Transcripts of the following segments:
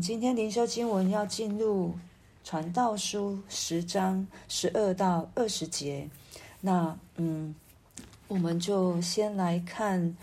今天靈修經文要進入傳道書十章十二到二十節，那嗯，我們就先來看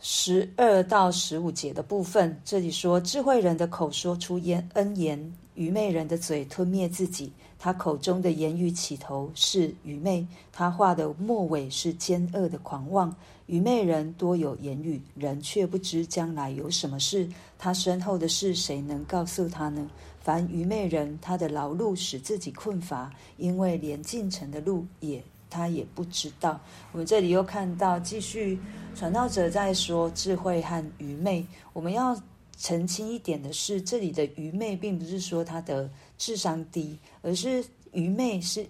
十二到十五節的部分。這裡說，智慧人的口說出言恩言，愚昧人的嘴吞滅自己。他口中的言語起頭是愚昧，他話的末尾是奸惡的狂妄。愚昧人多有言語，人卻不知將來有什麼事。他身後的事，誰能告訴他呢？凡愚昧人，他的勞碌使自己困乏，因為連進城的路也他也不知道。我們這裡又看到，繼續傳道者在說智慧和愚昧。我們要澄清一點的是，這裡的愚昧，並不是說他的。智商低，而是愚昧，是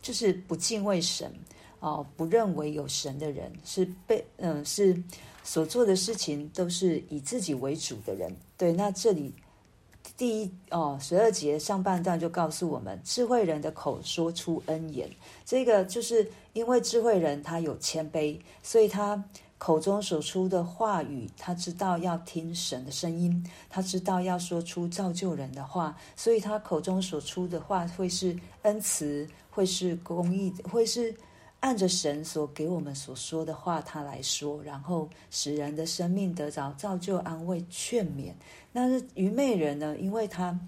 就是不敬畏神，哦，不認為有神的人，是被嗯，是所做的事情都是以自己為主的人。對，那這裡第一哦，十二節上半段就告訴我們，智慧人的口說出恩言，這個就是因為智慧人他有謙卑，所以他。口中所出的話語，他知道要聽神的聲音，他知道要說出造就人的話，所以他口中所出的話會是恩慈，會是公義，會是按着神所給我們所說的話他來說，然後使人的生命得着造就、安慰、勸勉。那是愚昧人呢，因為他。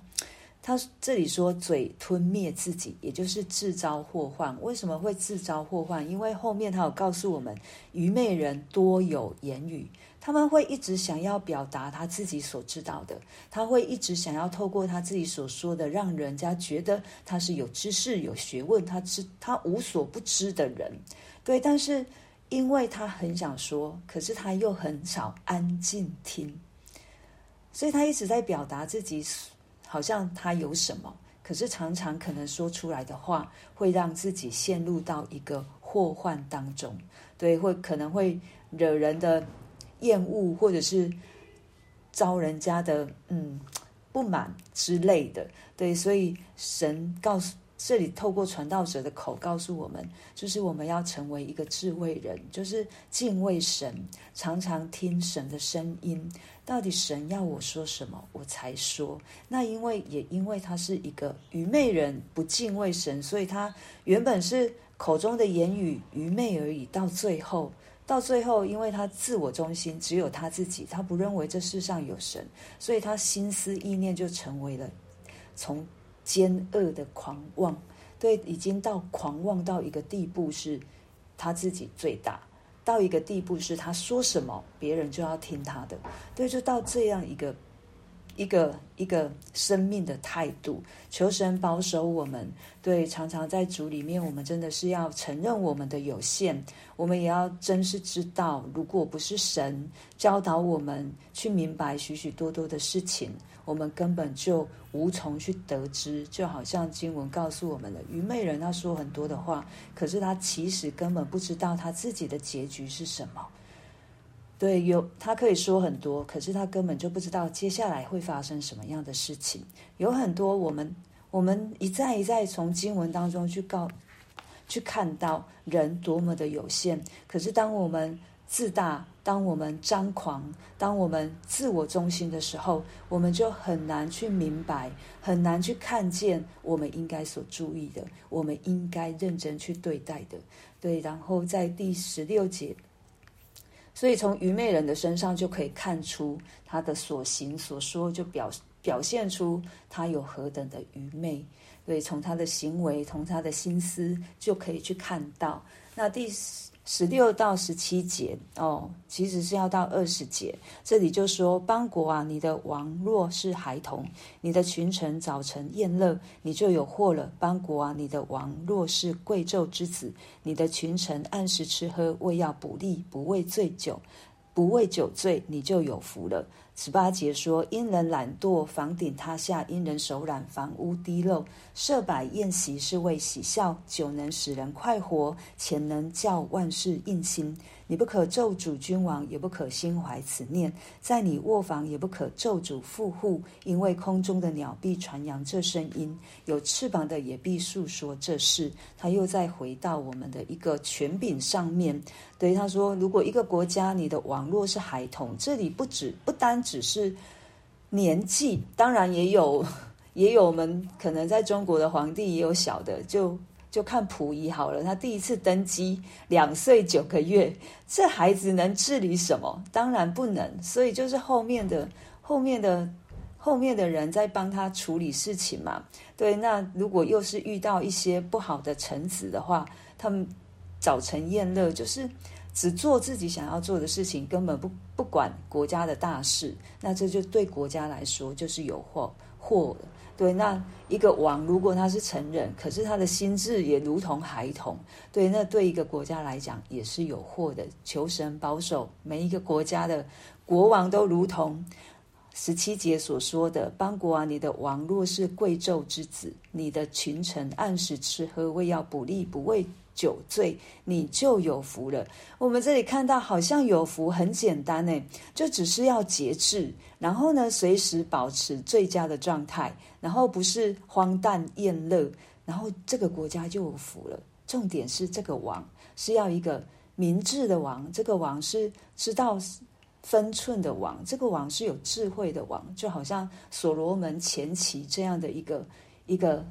他這裡說：“嘴吞滅自己，也就是自招禍患。為什麼會自招禍患？因為後面他有告訴我們，愚昧人多有言語，他們會一直想要表達他自己所知道的，他會一直想要透過他自己所說的，讓人家覺得他是有知識、有學問，他知他無所不知的人。對，但是因為他很想說，可是他又很少安靜聽，所以他一直在表達自己。”好像他有什麼，可是常常可能說出來的話，會讓自己陷入到一個禍患當中，對，會可能會惹人的厭惡，或者是招人家的嗯不滿之類的，對，所以神告訴。這裡透過傳道者的口告訴我們，就是我們要成為一個智慧人，就是敬畏神，常常聽神的聲音。到底神要我說什麼，我才說。那因為也因為他是一個愚昧人，不敬畏神，所以他原本是口中的言語愚昧而已。到最後，到最後，因為他自我中心，只有他自己，他不認為這世上有神，所以他心思意念就成為了從奸惡的狂妄，對，已經到狂妄到一個地步，是他自己最大；到一個地步，是他說什麼別人就要聽他的，對，就到這樣一個。一個一個生命的態度，求神保守我們。對，常常在主裡面，我們真的是要承認我們的有限，我們也要真是知道，如果不是神教導我們去明白許許多多的事情，我們根本就無從去得知。就好像經文告訴我們了，愚昧人要說很多的話，可是他其實根本不知道他自己的結局是什麼。對，有他可以說很多，可是他根本就不知道接下來會發生什麼樣的事情。有很多我們，我們一再一再從經文當中去告，去看到人多麼的有限。可是當我們自大，當我們張狂，當我們自我中心的時候，我們就很難去明白，很難去看見我們應該所注意的，我們應該認真去對待的。對，然後在第十六節。所以從愚昧人的身上就可以看出他的所行所說，就表表現出他有何等的愚昧。對，從他的行為，從他的心思就可以去看到。那第。十六到十七節哦，其實是要到二十節。這裡就說，邦國啊，你的王若是孩童，你的群臣早晨宴樂，你就有禍了。邦國啊，你的王若是貴胄之子，你的群臣按時吃喝，為要補力，不為醉酒。不為酒醉，你就有福了。十八節說：因人懶惰，房頂塌下；因人手懶，房屋滴漏。設擺宴席是為喜笑，酒能使人快活，錢能叫萬事應心。你不可咒詛君王，也不可心懷此念，在你臥房也不可咒詛富戶。因為空中的鳥必傳揚這聲音，有翅膀的也必述說這事。他又再回到我們的一個權柄上面，對他說：如果一個國家，你的王若是孩童，這裡不止不單只是年紀，當然也有，也有我們可能在中國的皇帝也有小的就，就看溥儀好了，他第一次登基兩歲九個月，這孩子能治理什麼？當然不能，所以就是後面的、後面的、後面的人在幫他處理事情嘛。對，那如果又是遇到一些不好的臣子的話，他們早晨宴樂，就是只做自己想要做的事情，根本不不管國家的大事，那這就對國家來說就是有禍禍了。對，那一個王如果他是成人，可是他的心智也如同孩童。對，那對一個國家來講也是有禍的。求神保守，每一個國家的國王都如同十七節所說的，邦國王、啊，你的王若是貴胄之子，你的群臣按時吃喝為要補力不為酒醉，你就有福了。我們這裡看到，好像有福很簡單呢，就只是要節制，然後呢，隨時保持最佳的狀態，然後不是荒誕宴樂，然後這個國家就有福了。重點是這個王是要一個明智的王，這個王是知道分寸的王，這個王是有智慧的王，就好像所羅門前期這樣的一個一個。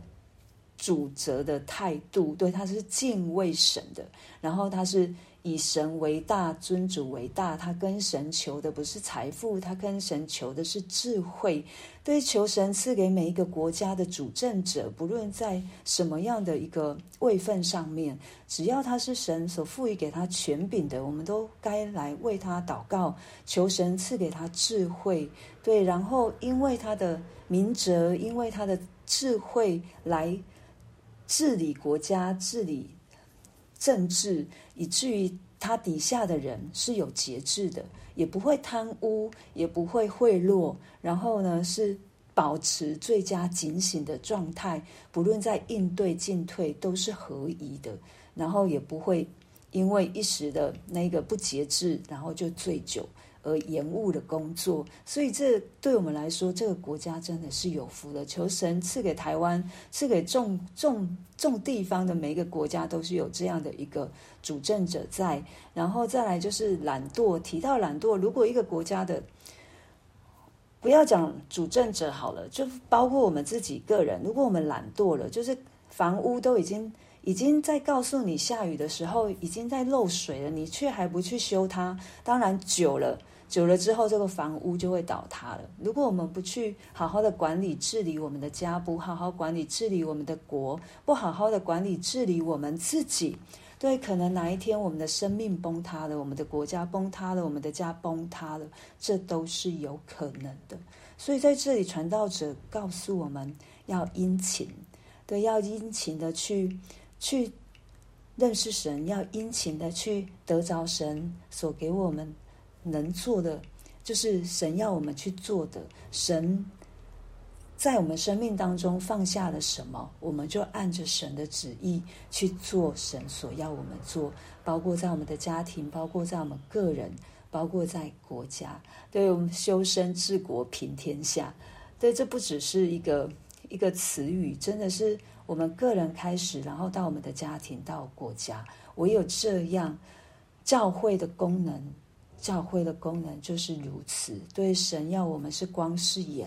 主責的態度，對他是敬畏神的，然後他是以神為大，尊主為大。他跟神求的不是財富，他跟神求的是智慧。對，求神賜給每一個國家的主政者，不論在什麼樣的一個位分上面，只要他是神所賦予給他權柄的，我們都該來為他禱告，求神賜給他智慧。對，然後因為他的明哲，因為他的智慧來治理國家、治理政治，以至於他底下的人是有節制的，也不會貪污，也不會賄賂。然後呢，是保持最佳警醒的狀態，不論在應對進退都是合宜的。然後也不會因為一時的那個不節制，然後就醉酒。而延誤的工作，所以這對我們來說，這個國家真的是有福了。求神賜給台灣，賜給種種種地方的每一個國家，都是有這樣的一個主政者在。然後再來就是懶惰。提到懶惰，如果一個國家的，不要講主政者好了，就包括我們自己個人，如果我們懶惰了，就是房屋都已經已經在告訴你下雨的時候已經在漏水了，你卻還不去修它，當然久了。久了之後，這個房屋就會倒塌了。如果我們不去好好的管理治理我們的家，不好好管理治理我們的國，不好好的管理治理我們自己，對，可能哪一天我們的生命崩塌了，我們的國家崩塌了，我們的家崩塌了，這都是有可能的。所以在這裡，傳道者告訴我們要殷勤，對，要殷勤的去去認識神，要殷勤的去得着神所給我們。能做的就是神要我們去做的。神在我們生命當中放下了什麼，我們就按着神的旨意去做神所要我們做。包括在我們的家庭，包括在我們個人，包括在國家。對，我們修身治國平天下，對，這不只是一個一個詞語，真的是我們個人開始，然後到我們的家庭，到國家，我有這樣教會的功能。教會的功能就是如此，對，神要我們是光是鹽，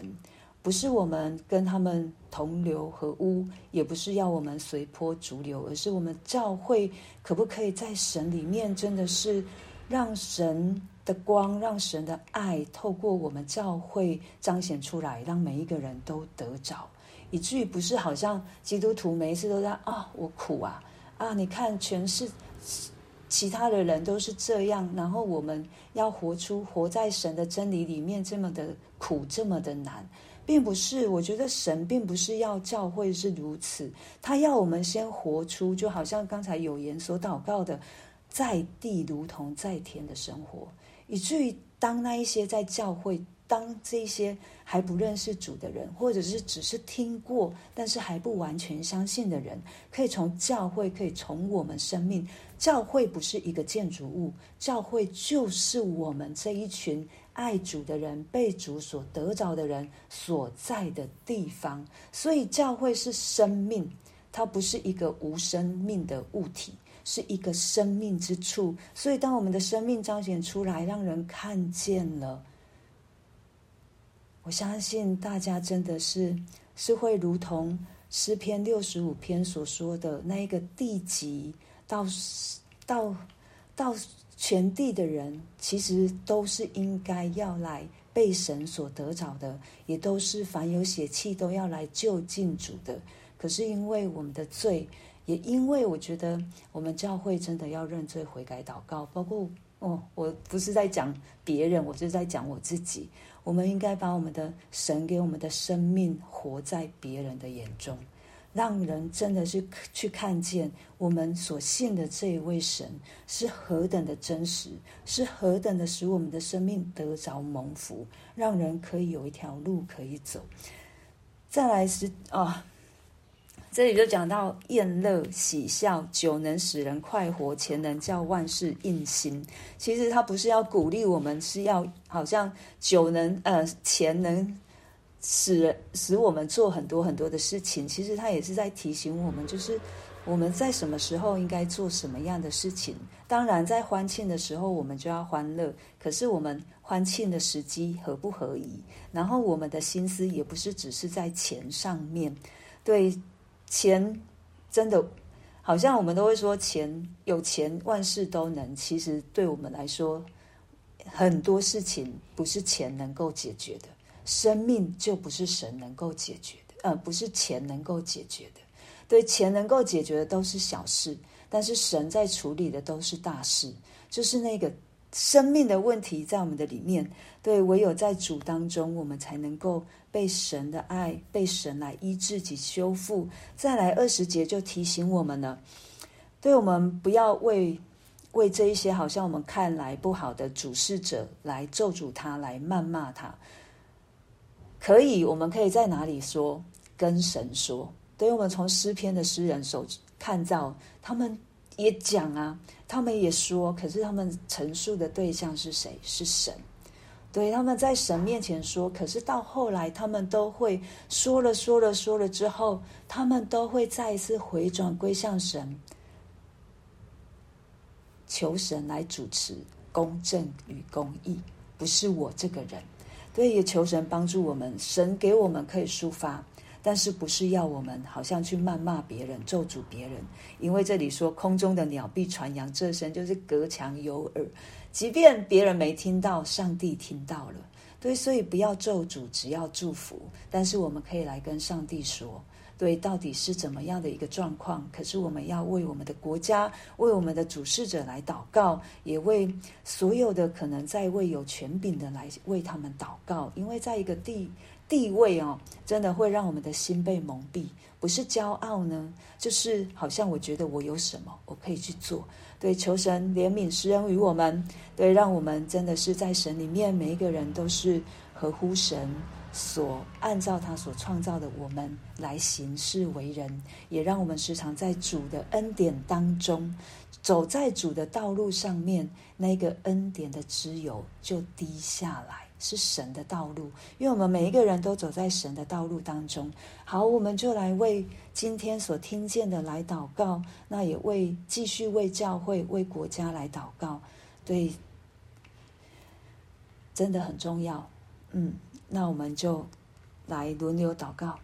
不是我們跟他們同流合污，也不是要我們隨波逐流，而是我們教會可不可以在神裡面，真的是讓神的光、讓神的愛透過我們教會彰顯出來，讓每一個人都得着，以至於不是好像基督徒每一次都在啊、哦、我苦啊啊，你看全是。其他的人都是這樣，然後我們要活出活在神的真理裡面，這麼的苦，這麼的難，並不是我覺得神並不是要教會是如此，他要我們先活出，就好像剛才有言所禱告的，在地如同在天的生活，以至於當那一些在教會。當這一些還不認識主的人，或者是只是聽過但是還不完全相信的人，可以從教會，可以從我們生命。教會不是一個建築物，教會就是我們這一群愛主的人被主所得着的人所在的地方。所以，教會是生命，它不是一個無生命的物體，是一個生命之處。所以，當我們的生命彰顯出來，讓人看見了。我相信大家真的是是會如同詩篇六十五篇所說的那一個地極，到到到全地的人，其實都是應該要來被神所得着的，也都是凡有血氣都要來就近主的。可是因為我們的罪，也因為我覺得我們教會真的要認罪悔改禱告，包括。哦，我不是在講別人，我就是在講我自己。我們應該把我們的神給我們的生命活在別人的眼中，讓人真的是去看見我們所信的這一位神是何等的真實，是何等的使我們的生命得着蒙福，讓人可以有一條路可以走。再來是啊。哦這裡就講到宴樂、喜笑，酒能使人快活，錢能叫萬事應心。其實他不是要鼓勵我們，是要好像酒能呃錢能使使我們做很多很多的事情。其實他也是在提醒我們，就是我們在什麼時候應該做什麼樣的事情。當然，在歡慶的時候，我們就要歡樂。可是我們歡慶的時機合不合宜？然後我們的心思也不是只是在錢上面，對。錢真的好像我們都會說，錢有錢萬事都能。其實對我們來說，很多事情不是錢能夠解決的，生命就不是神能夠解決的，呃，不是錢能夠解決的。對，錢能夠解決的都是小事，但是神在處理的都是大事，就是那個。生命的問題在我們的裡面，對，唯有在主當中，我們才能夠被神的愛，被神來醫治及修復。再來二十節就提醒我們了，對，我們不要為為這一些好像我們看來不好的主事者來咒詛他，來謾罵他。可以，我們可以在哪裡說，跟神說？對，我們從詩篇的詩人手看到他們。也講啊，他們也說，可是他們陳述的對象是誰？是神。對，他們在神面前說，可是到後來，他們都會說了說了說了之後，他們都會再一次回轉歸向神，求神來主持公正與公義，不是我這個人。對，也求神幫助我們，神給我們可以抒發。但是不是要我們好像去謾罵別人、咒詛別人？因為這裡說“空中的鳥必傳揚這聲”，就是隔牆有耳，即便別人沒聽到，上帝聽到了。對，所以不要咒詛，只要祝福。但是我們可以來跟上帝說，對，到底是怎麼樣的一個狀況？可是我們要為我們的國家、為我們的主事者來禱告，也為所有的可能在位有權柄的來為他們禱告，因為在一個地。地位哦，真的會讓我們的心被蒙蔽，不是驕傲呢，就是好像我覺得我有什麼，我可以去做。對，求神憐憫、施恩於我們。對，讓我們真的是在神裡面，每一個人都是合乎神所按照他所創造的我們來行事為人，也讓我們時常在主的恩典當中，走在主的道路上面，那個恩典的枝油就滴下來。是神的道路，因為我們每一個人都走在神的道路當中。好，我們就來為今天所聽見的來禱告，那也為繼續為教會、為國家來禱告，對，真的很重要。嗯，那我們就來輪流禱告。